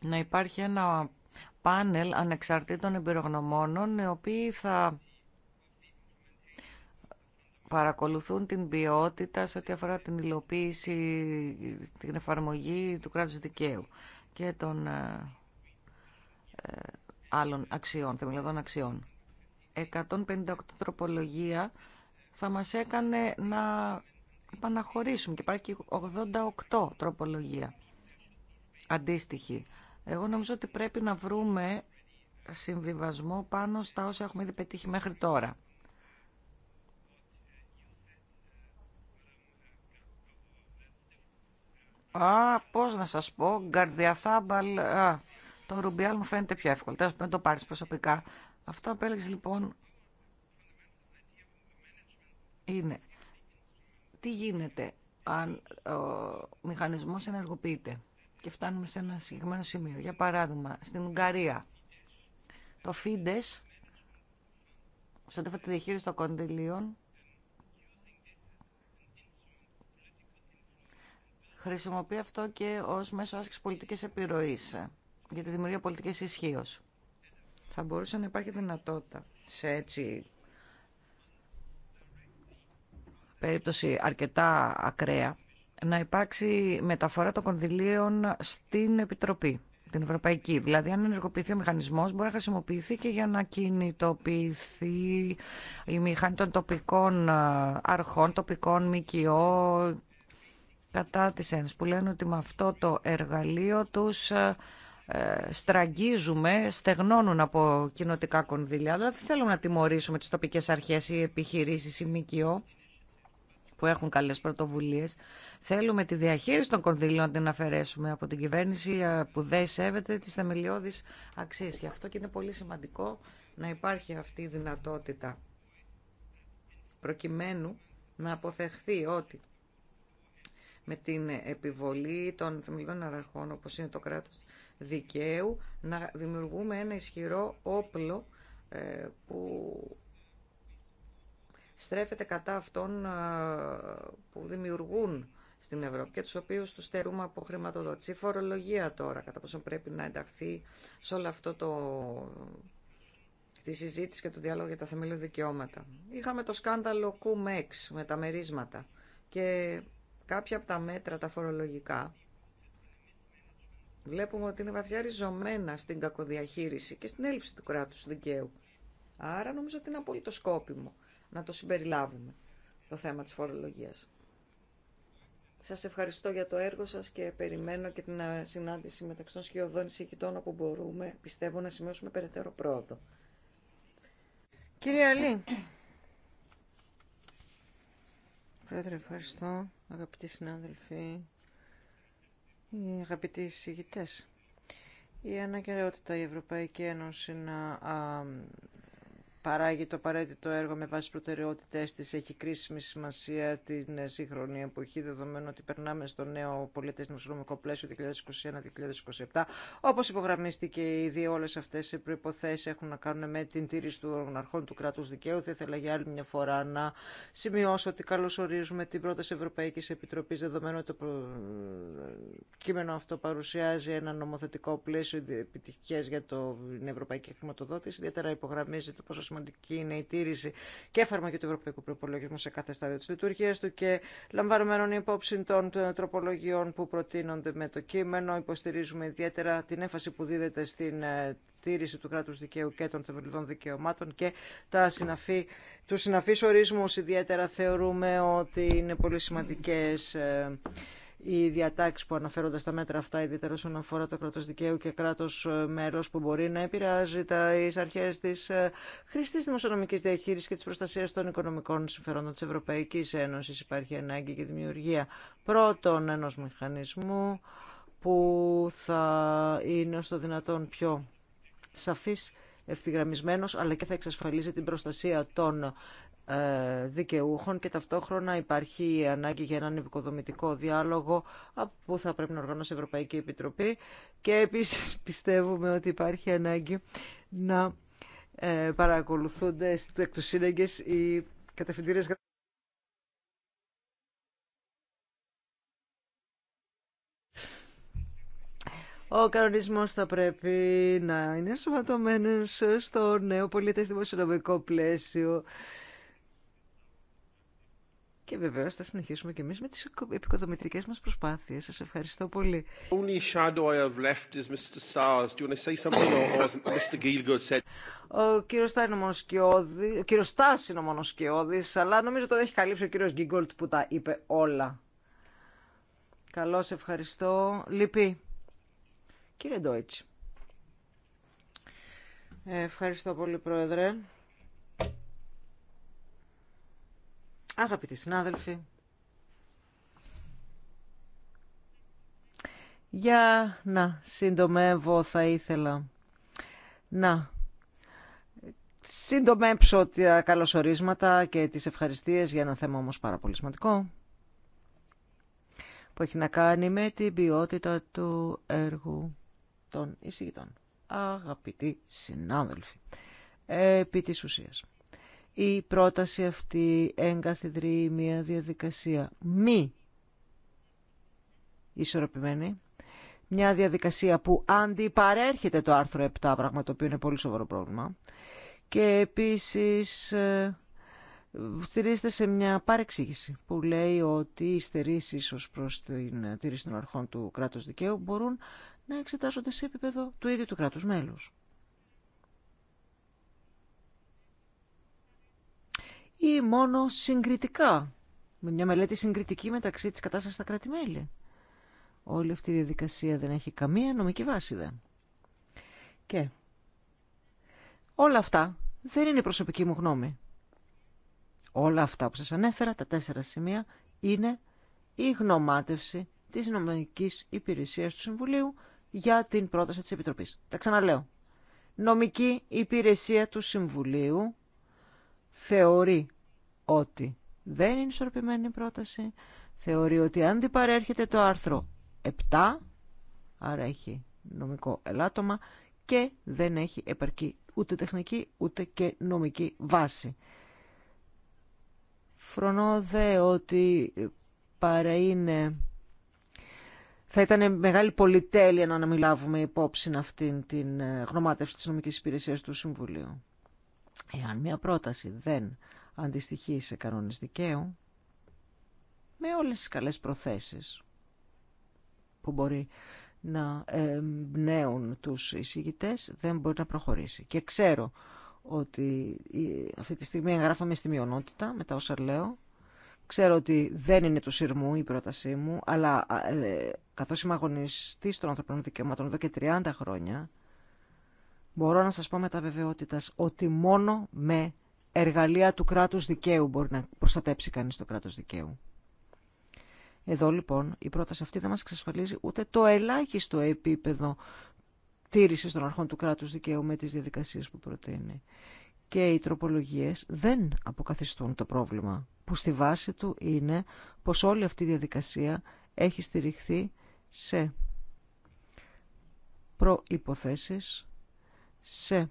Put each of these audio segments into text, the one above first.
να υπάρχει ένα πάνελ ανεξαρτήτων εμπειρογνωμόνων οι οποίοι θα παρακολουθούν την ποιότητα σε ό,τι αφορά την υλοποίηση, την εφαρμογή του κράτους δικαίου και των ε, ε, άλλων αξιών, θεμελιωδών αξιών. 158 τροπολογία θα μας έκανε να επαναχωρήσουμε και υπάρχει και 88 τροπολογία αντίστοιχη. Εγώ νομίζω ότι πρέπει να βρούμε συμβιβασμό πάνω στα όσα έχουμε ήδη πετύχει μέχρι τώρα. Α, πώς να σας πω, γκαρδιαθάμπαλ, το ρουμπιάλ μου φαίνεται πιο εύκολο, τέλος πάντων το πάρεις προσωπικά. Αυτό απέλεξε λοιπόν είναι τι γίνεται αν ε, ο μηχανισμός ενεργοποιείται. Και φτάνουμε σε ένα συγκεκριμένο σημείο. Για παράδειγμα, στην Ουγγαρία, το Φίντες, στον τη διαχείριση των κονδυλίων, χρησιμοποιεί αυτό και ως μέσο άσκηση πολιτικής επιρροής ε, για τη δημιουργία πολιτικής ισχύω. Θα μπορούσε να υπάρχει δυνατότητα σε έτσι περίπτωση αρκετά ακραία, να υπάρξει μεταφορά των κονδυλίων στην Επιτροπή, την Ευρωπαϊκή. Δηλαδή, αν ενεργοποιηθεί ο μηχανισμό, μπορεί να χρησιμοποιηθεί και για να κινητοποιηθεί η μηχανή των τοπικών αρχών, τοπικών ΜΚΟ κατά της Ένωσης, που λένε ότι με αυτό το εργαλείο τους ε, στραγγίζουμε, στεγνώνουν από κοινοτικά κονδύλια. Δηλαδή, δεν θέλουμε να τιμωρήσουμε τις τοπικές αρχές ή επιχειρήσεις ή ΜΚΟ που έχουν καλέ πρωτοβουλίε. Θέλουμε τη διαχείριση των κονδύλων να την αφαιρέσουμε από την κυβέρνηση ε, που δεν σέβεται τι θεμελιώδει αξίε. Γι' αυτό και είναι πολύ σημαντικό να υπάρχει αυτή η δυνατότητα προκειμένου να αποφευχθεί ότι με την επιβολή των θεμελιωδών αραρχών όπω είναι το κράτο δικαίου να δημιουργούμε ένα ισχυρό όπλο ε, που στρέφεται κατά αυτών που δημιουργούν στην Ευρώπη και τους οποίους τους στερούμε από χρηματοδότηση. φορολογία τώρα, κατά πόσο πρέπει να ενταχθεί σε όλο αυτό το τη συζήτηση και το διάλογο για τα θεμελιώδη δικαιώματα. Είχαμε το σκάνδαλο Κουμέξ με τα μερίσματα και κάποια από τα μέτρα τα φορολογικά βλέπουμε ότι είναι βαθιά ριζωμένα στην κακοδιαχείριση και στην έλλειψη του κράτους δικαίου. Άρα νομίζω ότι είναι απόλυτο σκόπιμο να το συμπεριλάβουμε το θέμα της φορολογίας. Σας ευχαριστώ για το έργο σας και περιμένω και την ε, συνάντηση μεταξύ των σχεδόν εισηγητών όπου μπορούμε, πιστεύω, να σημειώσουμε περαιτέρω πρόοδο. Κύριε Αλή. Πρόεδρε, ευχαριστώ. Αγαπητοί συνάδελφοι, οι αγαπητοί εισηγητές. Η αναγκαιότητα η Ευρωπαϊκή Ένωση να παράγει το απαραίτητο έργο με βάση προτεραιότητέ, τη έχει κρίσιμη σημασία την σύγχρονη εποχή, δεδομένου ότι περνάμε στο νεο πολιτισμικο δημοσιονομικό πλαίσιο 2021-2027. Όπω υπογραμμίστηκε ήδη, όλες αυτές οι προποθέσει έχουν να κάνουν με την τήρηση των αρχών του κράτου δικαίου. Θα ήθελα για άλλη μια φορά να σημειώσω ότι καλωσορίζουμε την πρώτη Ευρωπαϊκή Επιτροπή, δεδομένου ότι το κείμενο αυτό παρουσιάζει ένα νομοθετικό πλαίσιο επιτυχία για το... την ευρωπαϊκή χρηματοδότηση. Ιδιαίτερα υπογραμμίζει το πόσο σημαντική είναι η τήρηση και εφαρμογή του Ευρωπαϊκού Προπολογισμού σε κάθε στάδιο τη λειτουργία του και λαμβάνομενων υπόψη των τροπολογιών που προτείνονται με το κείμενο. Υποστηρίζουμε ιδιαίτερα την έμφαση που δίδεται στην ε, τήρηση του κράτους δικαίου και των θεμελιδών δικαιωμάτων και τα συναφή, τους συναφείς ορισμούς ιδιαίτερα θεωρούμε ότι είναι πολύ σημαντικές ε, οι διατάξει που αναφέρονται στα μέτρα αυτά, ιδιαίτερα όσον αφορά το κράτο δικαίου και κράτο ε, μέλο που μπορεί να επηρεάζει τι αρχέ τη ε, χρηστή δημοσιονομική διαχείριση και τη προστασία των οικονομικών συμφερόντων τη Ευρωπαϊκή Ένωση. Υπάρχει ανάγκη και δημιουργία πρώτον ενό μηχανισμού που θα είναι το δυνατόν πιο σαφής ευθυγραμμισμένος αλλά και θα εξασφαλίζει την προστασία των ε, δικαιούχων και ταυτόχρονα υπάρχει ανάγκη για έναν επικοδομητικό διάλογο που θα πρέπει να οργανώσει η Ευρωπαϊκή Επιτροπή και επίσης πιστεύουμε ότι υπάρχει ανάγκη να ε, παρακολουθούνται εκ του σύνεγγες οι κατευθυντήρες Ο κανονισμό θα πρέπει να είναι σωματωμένος στο νέο πολίτες δημοσιονομικό πλαίσιο και βεβαίω θα συνεχίσουμε και εμεί με τις επικοδομητικές μας προσπάθειες. Σα ευχαριστώ πολύ. Ο κύριο Στά είναι ο είναι αλλά νομίζω το έχει καλύψει ο κύριος Γκίγκολτ που τα είπε όλα. Καλώ ευχαριστώ. Λυπή. Κύριε Ντόιτς. Ε, ευχαριστώ πολύ, Πρόεδρε. Αγαπητοί συνάδελφοι, για να συντομεύω θα ήθελα να συντομέψω τα καλωσορίσματα και τις ευχαριστίες για ένα θέμα όμως πάρα πολύ σημαντικό που έχει να κάνει με την ποιότητα του έργου των εισηγητών. Αγαπητοί συνάδελφοι, επί της ουσίας η πρόταση αυτή εγκαθιδρύει μια διαδικασία μη ισορροπημένη. Μια διαδικασία που αντιπαρέρχεται το άρθρο 7, πράγμα το οποίο είναι πολύ σοβαρό πρόβλημα. Και επίσης ε, στηρίζεται σε μια παρεξήγηση που λέει ότι οι στερήσεις ως προς την τήρηση των αρχών του κράτους δικαίου μπορούν να εξετάζονται σε επίπεδο του ίδιου του κράτους μέλους. ή μόνο συγκριτικά, με μια μελέτη συγκριτική μεταξύ της κατάστασης στα κρατη Όλη αυτή η διαδικασία δεν έχει καμία νομική βάση δε. Και όλα αυτά δεν είναι προσωπική μου γνώμη. Όλα αυτά που σας ανέφερα, τα τέσσερα σημεία, είναι η γνωμάτευση της νομικής υπηρεσίας του Συμβουλίου για την πρόταση της Επιτροπής. Τα ξαναλέω. Νομική υπηρεσία του Συμβουλίου θεωρεί ότι δεν είναι ισορροπημένη η πρόταση, θεωρεί ότι αντιπαρέρχεται το άρθρο 7, άρα έχει νομικό ελάττωμα και δεν έχει επαρκή ούτε τεχνική ούτε και νομική βάση. Φρονώ δε ότι παρά είναι... Θα ήταν μεγάλη πολυτέλεια να αναμιλάβουμε υπόψη αυτήν την ε, γνωμάτευση της νομικής υπηρεσίας του Συμβουλίου. Εάν μια πρόταση δεν αντιστοιχεί σε κανόνες δικαίου, με όλες τις καλές προθέσεις που μπορεί να μπνέουν τους εισηγητές, δεν μπορεί να προχωρήσει. Και ξέρω ότι αυτή τη στιγμή εγγράφαμε στη μειονότητα μετά όσα λέω. Ξέρω ότι δεν είναι του σειρμού η πρότασή μου, αλλά ε, καθώς είμαι αγωνιστής των ανθρωπινών δικαιωμάτων εδώ και 30 χρόνια, μπορώ να σας πω με τα βεβαιότητας ότι μόνο με εργαλεία του κράτους δικαίου μπορεί να προστατέψει κανείς το κράτος δικαίου. Εδώ λοιπόν η πρόταση αυτή δεν μας εξασφαλίζει ούτε το ελάχιστο επίπεδο τήρησης των αρχών του κράτους δικαίου με τις διαδικασίες που προτείνει. Και οι τροπολογίες δεν αποκαθιστούν το πρόβλημα που στη βάση του είναι πως όλη αυτή η διαδικασία έχει στηριχθεί σε προϋποθέσεις σε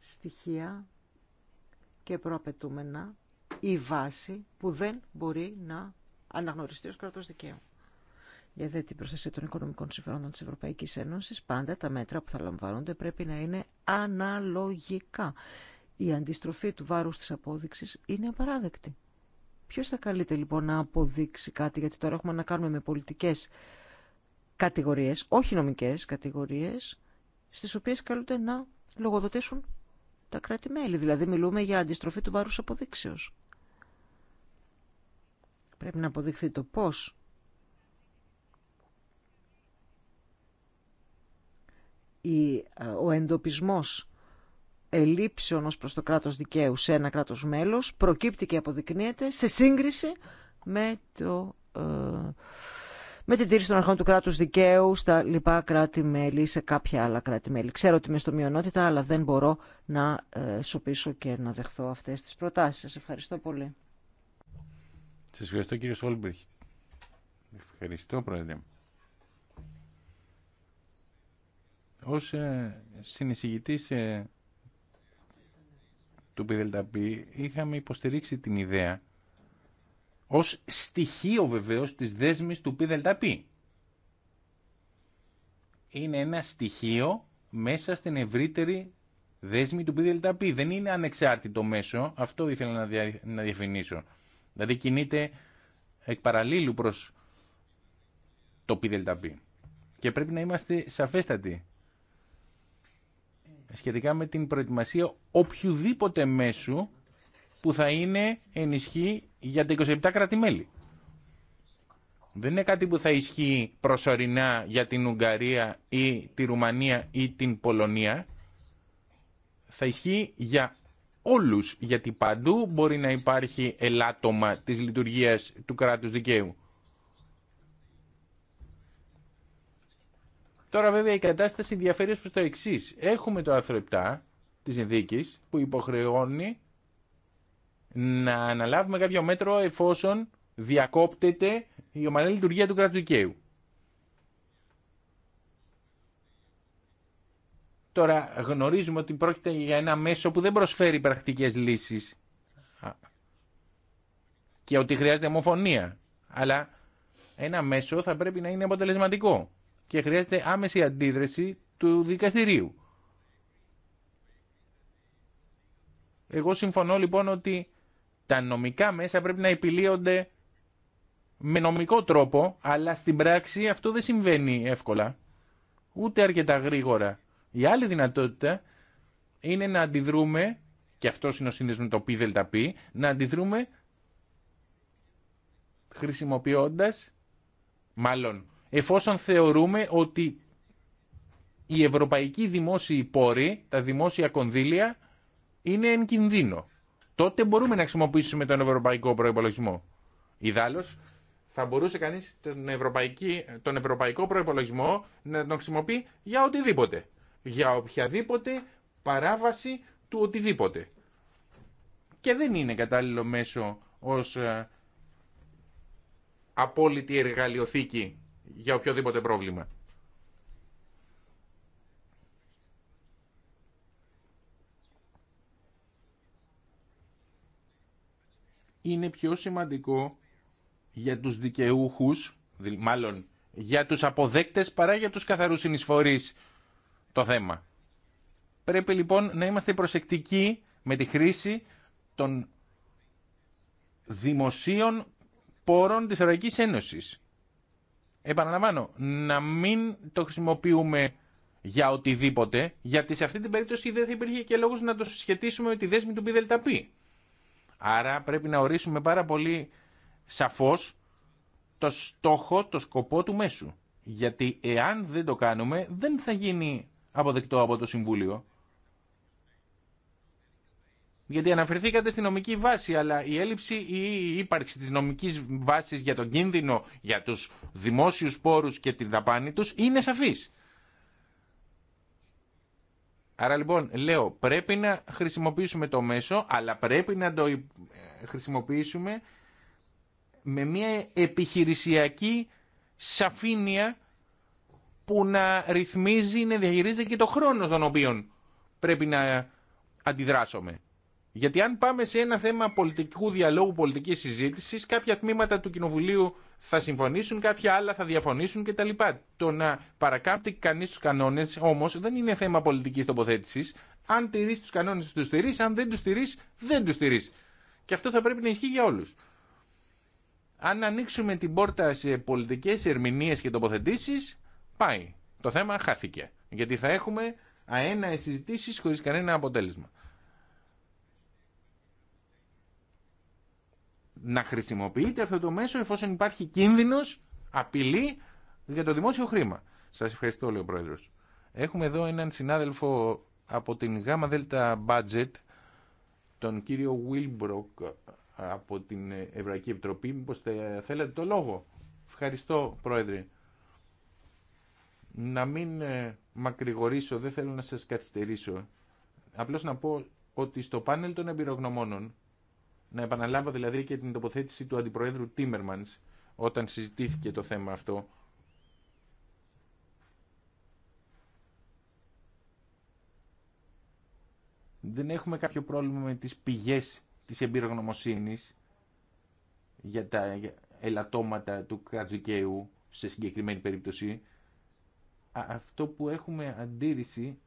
στοιχεία και προαπαιτούμενα η βάση που δεν μπορεί να αναγνωριστεί ως κράτος δικαίου. Για δε την προστασία των οικονομικών συμφερόντων της Ευρωπαϊκής Ένωσης, πάντα τα μέτρα που θα λαμβάνονται πρέπει να είναι αναλογικά. Η αντιστροφή του βάρους της απόδειξης είναι απαράδεκτη. Ποιο θα καλείται λοιπόν να αποδείξει κάτι, γιατί τώρα έχουμε να κάνουμε με πολιτικές κατηγορίες, όχι νομικές κατηγορίες, στις οποίες καλούνται να λογοδοτήσουν τα κράτη-μέλη. Δηλαδή μιλούμε για αντιστροφή του βάρους αποδείξεως. Πρέπει να αποδειχθεί το πώς ε, ο εντοπισμός ελλείψεων ως προς το κράτος δικαίου σε ένα κράτος μέλος προκύπτει και αποδεικνύεται σε σύγκριση με το ε, με την τήρηση των αρχών του κράτους δικαίου στα λοιπά κράτη-μέλη ή σε κάποια άλλα κράτη-μέλη. Ξέρω ότι είμαι στο μειονότητα, αλλά δεν μπορώ να ε, σοπίσω και να δεχθώ αυτές τις προτάσεις. Σα ευχαριστώ πολύ. Σα ευχαριστώ κύριε Σόλμπριχ. Ευχαριστώ πρόεδρε. Ω ε, ε, του ΠΔΠ είχαμε υποστηρίξει την ιδέα ως στοιχείο βεβαίως της δέσμης του ΠΔΠ. Είναι ένα στοιχείο μέσα στην ευρύτερη δέσμη του ΠΔΠ. Δεν είναι ανεξάρτητο μέσο, αυτό ήθελα να, να διαφημίσω. Δηλαδή κινείται εκ προς το ΠΔΠ. Και πρέπει να είμαστε σαφέστατοι σχετικά με την προετοιμασία οποιοδήποτε μέσου που θα είναι ενισχύ για τα 27 κρατη Δεν είναι κάτι που θα ισχύει προσωρινά για την Ουγγαρία ή τη Ρουμανία ή την Πολωνία. Θα ισχύει για όλους, γιατί παντού μπορεί να υπάρχει ελάττωμα της λειτουργίας του κράτους δικαίου. Τώρα βέβαια η κατάσταση διαφέρει ως προς το εξής. Έχουμε το άρθρο 7 της συνθήκη, που υποχρεώνει να αναλάβουμε κάποιο μέτρο εφόσον διακόπτεται η ομαλή λειτουργία του κράτου δικαίου. Τώρα γνωρίζουμε ότι πρόκειται για ένα μέσο που δεν προσφέρει πρακτικές λύσεις και ότι χρειάζεται ομοφωνία. Αλλά ένα μέσο θα πρέπει να είναι αποτελεσματικό και χρειάζεται άμεση αντίδραση του δικαστηρίου. Εγώ συμφωνώ λοιπόν ότι τα νομικά μέσα πρέπει να επιλύονται με νομικό τρόπο, αλλά στην πράξη αυτό δεν συμβαίνει εύκολα, ούτε αρκετά γρήγορα. Η άλλη δυνατότητα είναι να αντιδρούμε, και αυτό είναι ο το πι δελτα πι, να αντιδρούμε χρησιμοποιώντας, μάλλον, εφόσον θεωρούμε ότι οι ευρωπαϊκοί δημόσιοι πόροι, τα δημόσια κονδύλια, είναι εν κινδύνο τότε μπορούμε να χρησιμοποιήσουμε τον ευρωπαϊκό προπολογισμό. Ιδάλω, θα μπορούσε κανεί τον, τον ευρωπαϊκό προπολογισμό να τον χρησιμοποιεί για οτιδήποτε. Για οποιαδήποτε παράβαση του οτιδήποτε. Και δεν είναι κατάλληλο μέσο ως ε, απόλυτη εργαλειοθήκη για οποιοδήποτε πρόβλημα. είναι πιο σημαντικό για τους δικαιούχους, μάλλον για τους αποδέκτες παρά για τους καθαρούς συνεισφορείς το θέμα. Πρέπει λοιπόν να είμαστε προσεκτικοί με τη χρήση των δημοσίων πόρων της Ευρωπαϊκής Ένωσης. Επαναλαμβάνω, να μην το χρησιμοποιούμε για οτιδήποτε, γιατί σε αυτή την περίπτωση δεν θα υπήρχε και λόγος να το συσχετίσουμε με τη δέσμη του ΠΔΠ. Άρα πρέπει να ορίσουμε πάρα πολύ σαφώς το στόχο, το σκοπό του μέσου. Γιατί εάν δεν το κάνουμε δεν θα γίνει αποδεκτό από το Συμβούλιο. Γιατί αναφερθήκατε στη νομική βάση, αλλά η έλλειψη ή η ύπαρξη της νομικής βάσης για τον κίνδυνο, για τους δημόσιους πόρους και τη δαπάνη τους είναι σαφής. Άρα λοιπόν λέω πρέπει να χρησιμοποιήσουμε το μέσο αλλά πρέπει να το ε, χρησιμοποιήσουμε με μια επιχειρησιακή σαφήνεια που να ρυθμίζει, να διαχειρίζεται και το χρόνο στον οποίο πρέπει να αντιδράσουμε. Γιατί αν πάμε σε ένα θέμα πολιτικού διαλόγου, πολιτική συζήτηση, κάποια τμήματα του Κοινοβουλίου θα συμφωνήσουν, κάποια άλλα θα διαφωνήσουν κτλ. Το να παρακάμπτει κανεί του κανόνε όμω, δεν είναι θέμα πολιτική τοποθέτηση. Αν τηρείς τους κανόνες του τηρείς, αν δεν τους τηρείς, δεν τους τηρείς. Και αυτό θα πρέπει να ισχύει για όλου. Αν ανοίξουμε την πόρτα σε πολιτικέ ερμηνείε και τοποθετήσει, πάει. Το θέμα χάθηκε. Γιατί θα έχουμε αέναε συζητήσει χωρί κανένα αποτέλεσμα. να χρησιμοποιείται αυτό το μέσο εφόσον υπάρχει κίνδυνος, απειλή για το δημόσιο χρήμα. Σας ευχαριστώ, λέει ο Πρόεδρος. Έχουμε εδώ έναν συνάδελφο από την ΓΑΜΑ ΔΕΛΤΑ Budget, τον κύριο Βίλμπροκ από την Ευρωπαϊκή Επιτροπή. Μήπως θέλετε το λόγο. Ευχαριστώ, Πρόεδρε. Να μην ε, μακρηγορήσω, δεν θέλω να σας καθυστερήσω. Απλώς να πω ότι στο πάνελ των εμπειρογνωμόνων να επαναλάβω δηλαδή και την τοποθέτηση του Αντιπροέδρου Τίμερμανς όταν συζητήθηκε το θέμα αυτό. Δεν έχουμε κάποιο πρόβλημα με τις πηγές της εμπειρογνωμοσύνης για τα ελαττώματα του Κατζικαίου σε συγκεκριμένη περίπτωση. Αυτό που έχουμε αντίρρηση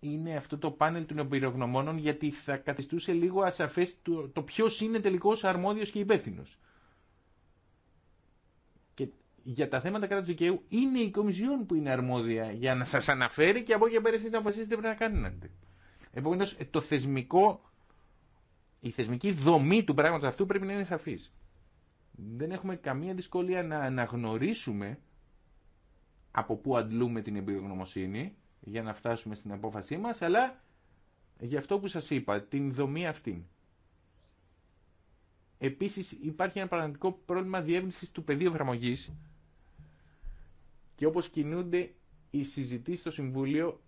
είναι αυτό το πάνελ των εμπειρογνωμόνων γιατί θα καθιστούσε λίγο ασαφές το, το είναι τελικός αρμόδιος και υπεύθυνο. Και για τα θέματα κράτους δικαίου είναι η Κομισιόν που είναι αρμόδια για να σας αναφέρει και από εκεί πέρα εσείς να αποφασίσετε πρέπει να κάνετε. Επομένως ε, το θεσμικό, η θεσμική δομή του πράγματος αυτού πρέπει να είναι σαφής. Δεν έχουμε καμία δυσκολία να αναγνωρίσουμε από πού αντλούμε την εμπειρογνωμοσύνη για να φτάσουμε στην απόφασή μας, αλλά για αυτό που σας είπα, την δομή αυτή. Επίσης υπάρχει ένα πραγματικό πρόβλημα διεύρυνσης του πεδίου εφαρμογή και όπως κινούνται οι συζητήσεις στο Συμβούλιο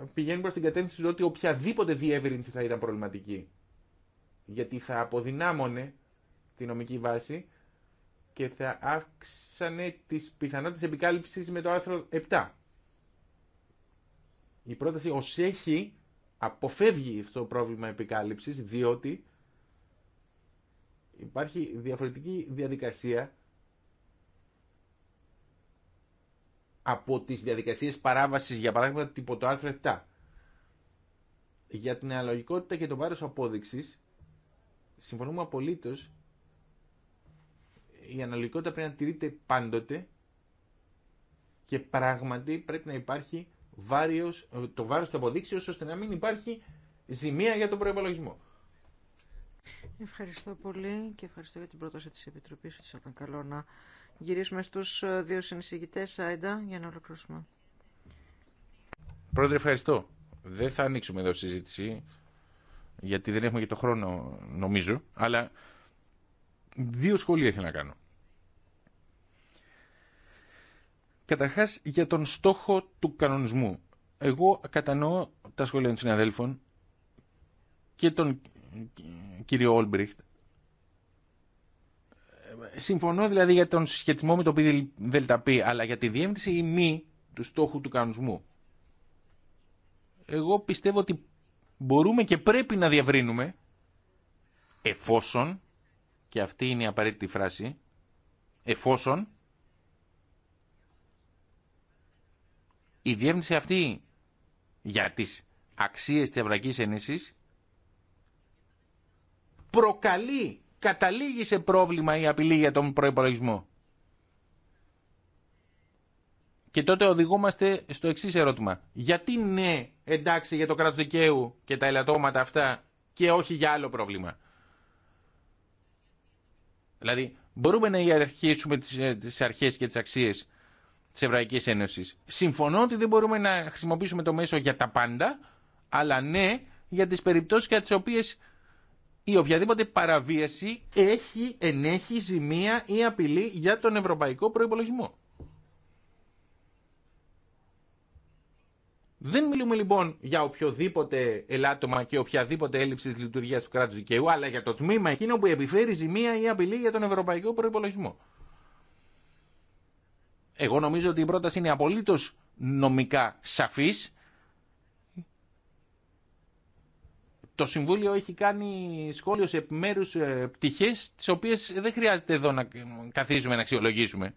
ε, πηγαίνουν προς την κατεύθυνση ότι οποιαδήποτε διεύρυνση θα ήταν προβληματική. Γιατί θα αποδυνάμωνε τη νομική βάση και θα αύξανε τις πιθανότητες επικάλυψης με το άρθρο 7. Η πρόταση ω έχει αποφεύγει αυτό το πρόβλημα επικάλυψης διότι υπάρχει διαφορετική διαδικασία από τις διαδικασίες παράβασης για παράδειγμα τύπο το άρθρο 7. Για την αναλογικότητα και το βάρος απόδειξης συμφωνούμε απολύτως η αναλογικότητα πρέπει να τηρείται πάντοτε και πράγματι πρέπει να υπάρχει το βάρος του αποδείξεως ώστε να μην υπάρχει ζημία για τον προϋπολογισμό. Ευχαριστώ πολύ και ευχαριστώ για την πρόταση της Επιτροπής. Σας ήταν καλό να γυρίσουμε στους ε, δύο συνεισηγητές, Άιντα, για να ολοκληρώσουμε. Πρόεδρε, ευχαριστώ. Δεν θα ανοίξουμε εδώ συζήτηση, γιατί δεν έχουμε και το χρόνο, νομίζω, αλλά δύο σχόλια ήθελα να κάνω. Καταρχάς για τον στόχο του κανονισμού. Εγώ κατανοώ τα σχόλια των συναδέλφων και τον κύριο Όλμπριχτ. Συμφωνώ δηλαδή για τον σχετισμό με το ΠΔΠ, αλλά για τη διεύθυνση ή μη του στόχου του κανονισμού. Εγώ πιστεύω ότι μπορούμε και πρέπει να διαβρύνουμε εφόσον, και αυτή είναι η απαραίτητη φράση, εφόσον η διεύνηση αυτή για τις αξίες της Ευρωπαϊκής Ένωσης προκαλεί, καταλήγει σε πρόβλημα η απειλή για τον προϋπολογισμό. Και τότε οδηγούμαστε στο εξή ερώτημα. Γιατί ναι, εντάξει, για το κράτο δικαίου και τα ελαττώματα αυτά και όχι για άλλο πρόβλημα. Δηλαδή, μπορούμε να ιεραρχήσουμε τις, ε, τις αρχές και τις αξίες Τη Ευρωπαϊκής Ένωση. Συμφωνώ ότι δεν μπορούμε να χρησιμοποιήσουμε το μέσο για τα πάντα, αλλά ναι για τις περιπτώσεις για τι οποίε η οποιαδήποτε παραβίαση έχει, ενέχει ζημία ή απειλή για τον ευρωπαϊκό προϋπολογισμό. Δεν μιλούμε λοιπόν για οποιοδήποτε ελάττωμα και οποιαδήποτε έλλειψη τη λειτουργία του κράτου δικαίου, αλλά για το τμήμα εκείνο που επιφέρει ζημία ή απειλή για τον ευρωπαϊκό προπολογισμό. Εγώ νομίζω ότι η πρόταση είναι απολύτως νομικά σαφής. Το Συμβούλιο έχει κάνει σχόλιο σε επιμέρους ε, πτυχές, τις οποίες δεν χρειάζεται εδώ να καθίσουμε να αξιολογήσουμε.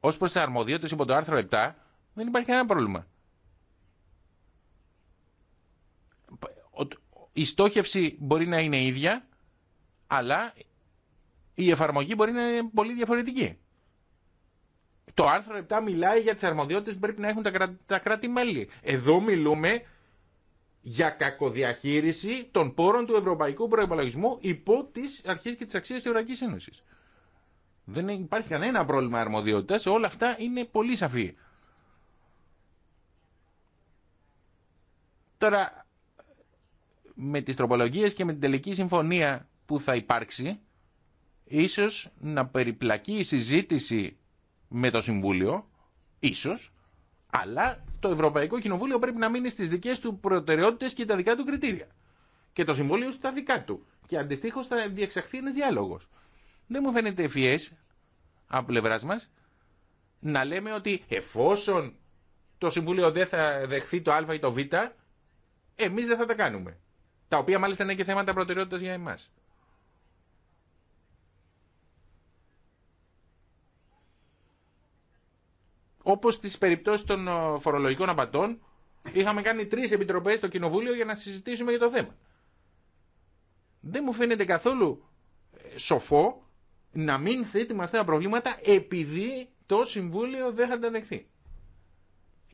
Ω προς τα αρμοδιότητες υπό το άρθρο 7 δεν υπάρχει κανένα πρόβλημα. Η στόχευση μπορεί να είναι ίδια, αλλά η εφαρμογή μπορεί να είναι πολύ διαφορετική. Το άρθρο 7 μιλάει για τι αρμοδιότητες που πρέπει να έχουν τα κράτη-μέλη. Εδώ μιλούμε για κακοδιαχείριση των πόρων του ευρωπαϊκού προϋπολογισμού υπό τις αρχές και τις αξίες τη Ευρωπαϊκής Ένωση. Δεν υπάρχει κανένα πρόβλημα αρμοδιότητα. όλα αυτά είναι πολύ σαφή. Τώρα, με τις τροπολογίες και με την τελική συμφωνία που θα υπάρξει, ίσως να περιπλακεί η συζήτηση με το Συμβούλιο, ίσως, αλλά το Ευρωπαϊκό Κοινοβούλιο πρέπει να μείνει στις δικές του προτεραιότητες και τα δικά του κριτήρια. Και το Συμβούλιο στα δικά του. Και αντιστοίχω θα διεξαχθεί ένα διάλογο. Δεν μου φαίνεται ευφυέ από πλευρά μα να λέμε ότι εφόσον το Συμβούλιο δεν θα δεχθεί το Α ή το Β, εμεί δεν θα τα κάνουμε. Τα οποία μάλιστα είναι και θέματα προτεραιότητα για εμά. όπως στι περιπτώσεις των ε, φορολογικών απατών, είχαμε κάνει τρεις επιτροπές στο Κοινοβούλιο για να συζητήσουμε για το θέμα. Δεν μου φαίνεται καθόλου ε, σοφό να μην θέτουμε αυτά τα προβλήματα επειδή το Συμβούλιο δεν θα τα δεχθεί.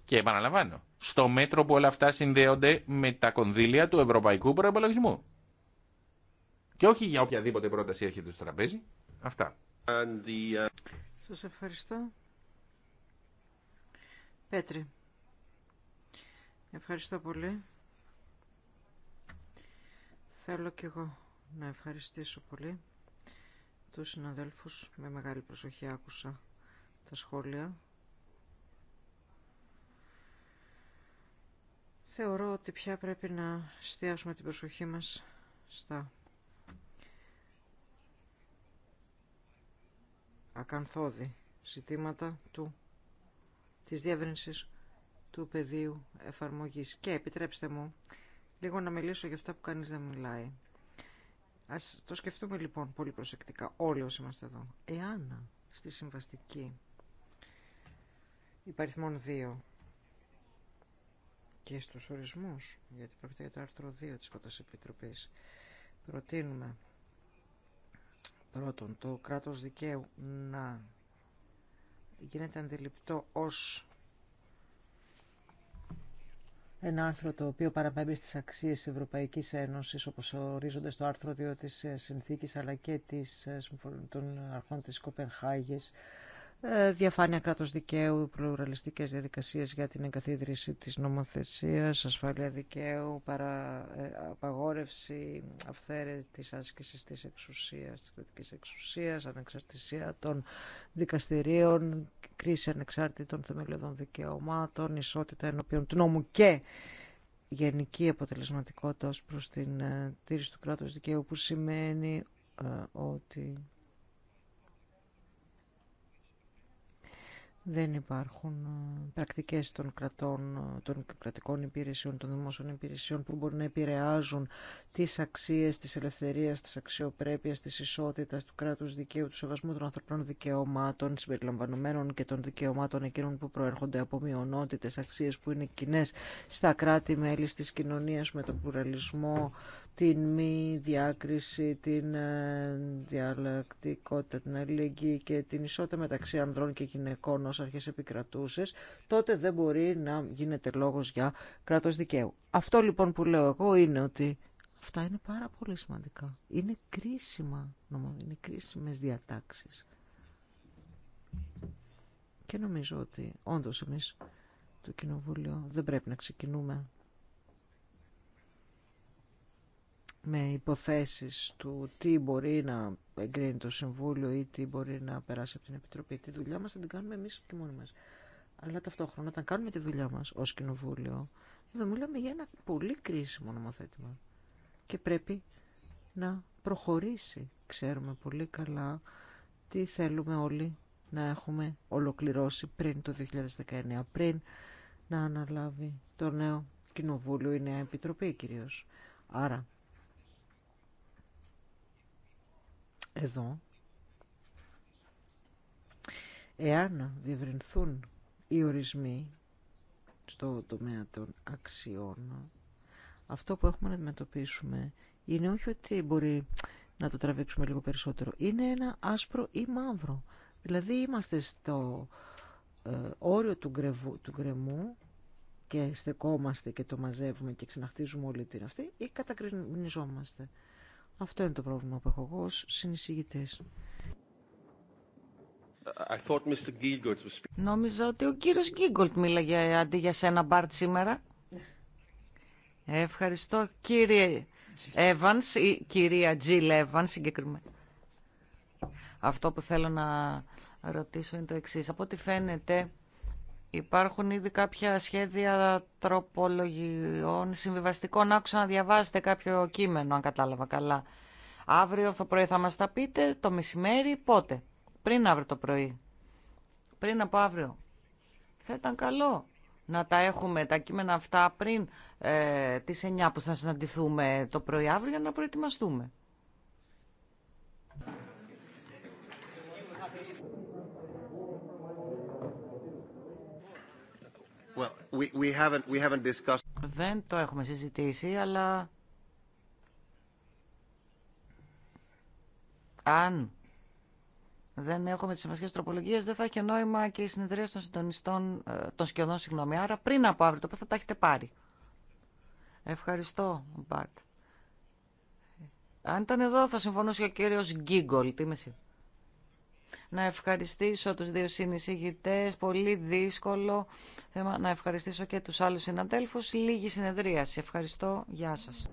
Και επαναλαμβάνω, στο μέτρο που όλα αυτά συνδέονται με τα κονδύλια του Ευρωπαϊκού Προεπολογισμού. Και όχι για οποιαδήποτε πρόταση έρχεται στο τραπέζι. Αυτά. Uh, Σας ευχαριστώ. Πέτρη. Ευχαριστώ πολύ. Θέλω κι εγώ να ευχαριστήσω πολύ τους συναδέλφους. Με μεγάλη προσοχή άκουσα τα σχόλια. Θεωρώ ότι πια πρέπει να στιάσουμε την προσοχή μας στα ακανθόδη ζητήματα του της διεύρυνσης του πεδίου εφαρμογής. Και επιτρέψτε μου λίγο να μιλήσω για αυτά που κανείς δεν μιλάει. Ας το σκεφτούμε λοιπόν πολύ προσεκτικά όλοι όσοι είμαστε εδώ. Εάν στη συμβαστική υπαριθμών 2 και στους ορισμούς, γιατί πρόκειται για το άρθρο 2 της πρώτας επιτροπής, προτείνουμε πρώτον το κράτος δικαίου να γίνεται αντιληπτό ως ένα άρθρο το οποίο παραπέμπει στις αξίες Ευρωπαϊκής Ένωσης όπως ορίζονται στο άρθρο 2 της συνθήκης αλλά και της, ε, των αρχών της Κοπενχάγης ε, διαφάνεια κράτος δικαίου, πλουραλιστικές διαδικασίες για την εγκαθίδρυση της νομοθεσίας, ασφάλεια δικαίου, παρα, ε, απαγόρευση αυθαίρετης άσκησης της εξουσίας, της Κρατική εξουσίας, ανεξαρτησία των δικαστηρίων, κρίση ανεξάρτητων θεμελιωδών δικαιωμάτων, ισότητα ενώπιον του νόμου και γενική αποτελεσματικότητα ω προς την ε, τήρηση του κράτους δικαίου που σημαίνει ότι δεν υπάρχουν ε, πρακτικές των, κρατών, ε, των κρατικών υπηρεσιών, των δημόσιων υπηρεσιών που μπορούν να επηρεάζουν τις αξίες της ελευθερίας, της αξιοπρέπειας, της ισότητας, του κράτους δικαίου, του σεβασμού των ανθρωπίνων δικαιωμάτων, συμπεριλαμβανομένων και των δικαιωμάτων εκείνων που προέρχονται από μειονότητες, αξίες που είναι κοινέ στα κράτη-μέλη, στις κοινωνίες με τον πλουραλισμό, την μη διάκριση, την ε, διαλλακτικότητα, την αλληλεγγύη και την ισότητα μεταξύ ανδρών και γυναικών αρχές επικρατούσες, τότε δεν μπορεί να γίνεται λόγος για κράτος δικαίου. Αυτό λοιπόν που λέω εγώ είναι ότι αυτά είναι πάρα πολύ σημαντικά. Είναι κρίσιμα, νομίζω, είναι κρίσιμες διατάξεις. Και νομίζω ότι όντως εμείς το Κοινοβούλιο δεν πρέπει να ξεκινούμε με υποθέσεις του τι μπορεί να εγκρίνει το Συμβούλιο ή τι μπορεί να περάσει από την Επιτροπή. Τη δουλειά μας θα την κάνουμε εμεί και μόνοι μας. Αλλά ταυτόχρονα όταν κάνουμε τη δουλειά μας ως Κοινοβούλιο, εδώ μιλάμε για ένα πολύ κρίσιμο νομοθέτημα. Και πρέπει να προχωρήσει. Ξέρουμε πολύ καλά τι θέλουμε όλοι να έχουμε ολοκληρώσει πριν το 2019, πριν να αναλάβει το νέο Κοινοβούλιο, η νέα Επιτροπή κυρίως. Άρα εδώ εάν διευρυνθούν οι ορισμοί στο τομέα των αξιών αυτό που έχουμε να αντιμετωπίσουμε είναι όχι ότι μπορεί να το τραβήξουμε λίγο περισσότερο είναι ένα άσπρο ή μαύρο δηλαδή είμαστε στο ε, όριο του, του γκρεμού και στεκόμαστε και το μαζεύουμε και ξαναχτίζουμε όλη την αυτή ή κατακρινιζόμαστε αυτό είναι το πρόβλημα που έχω εγώ ως συνεισηγητής. Νόμιζα ότι ο κύριος Γκίγκολτ μίλαγε αντί για σένα Μπάρτ σήμερα. Ευχαριστώ κύριε Evans ή κυρία Τζιλ Evans συγκεκριμένα. Αυτό που θέλω να ρωτήσω είναι το εξής. Από ό,τι φαίνεται Υπάρχουν ήδη κάποια σχέδια τροπολογιών συμβιβαστικών. Άκουσα να διαβάζετε κάποιο κείμενο, αν κατάλαβα καλά. Αύριο το πρωί θα μας τα πείτε, το μεσημέρι, πότε. Πριν αύριο το πρωί. Πριν από αύριο. Θα ήταν καλό να τα έχουμε τα κείμενα αυτά πριν ε, τις 9 που θα συναντηθούμε το πρωί αύριο για να προετοιμαστούμε. Well, we, we haven't, we haven't discussed... Δεν το έχουμε συζητήσει, αλλά αν δεν έχουμε τις συμβασικές τροπολογίες, δεν θα έχει νόημα και η συνεδρία των συντονιστών, ε, των σκιωδών, συγγνώμη. Άρα πριν από αύριο, το θα τα έχετε πάρει. Ευχαριστώ, Μπάρτ. Αν ήταν εδώ θα συμφωνούσε ο κύριος Γκίγκολ. Τι είμαι εσύ να ευχαριστήσω τους δύο συνεισηγητές, πολύ δύσκολο θέμα, να ευχαριστήσω και τους άλλους συναδέλφους. Λίγη συνεδρίαση. Ευχαριστώ. Γεια σας.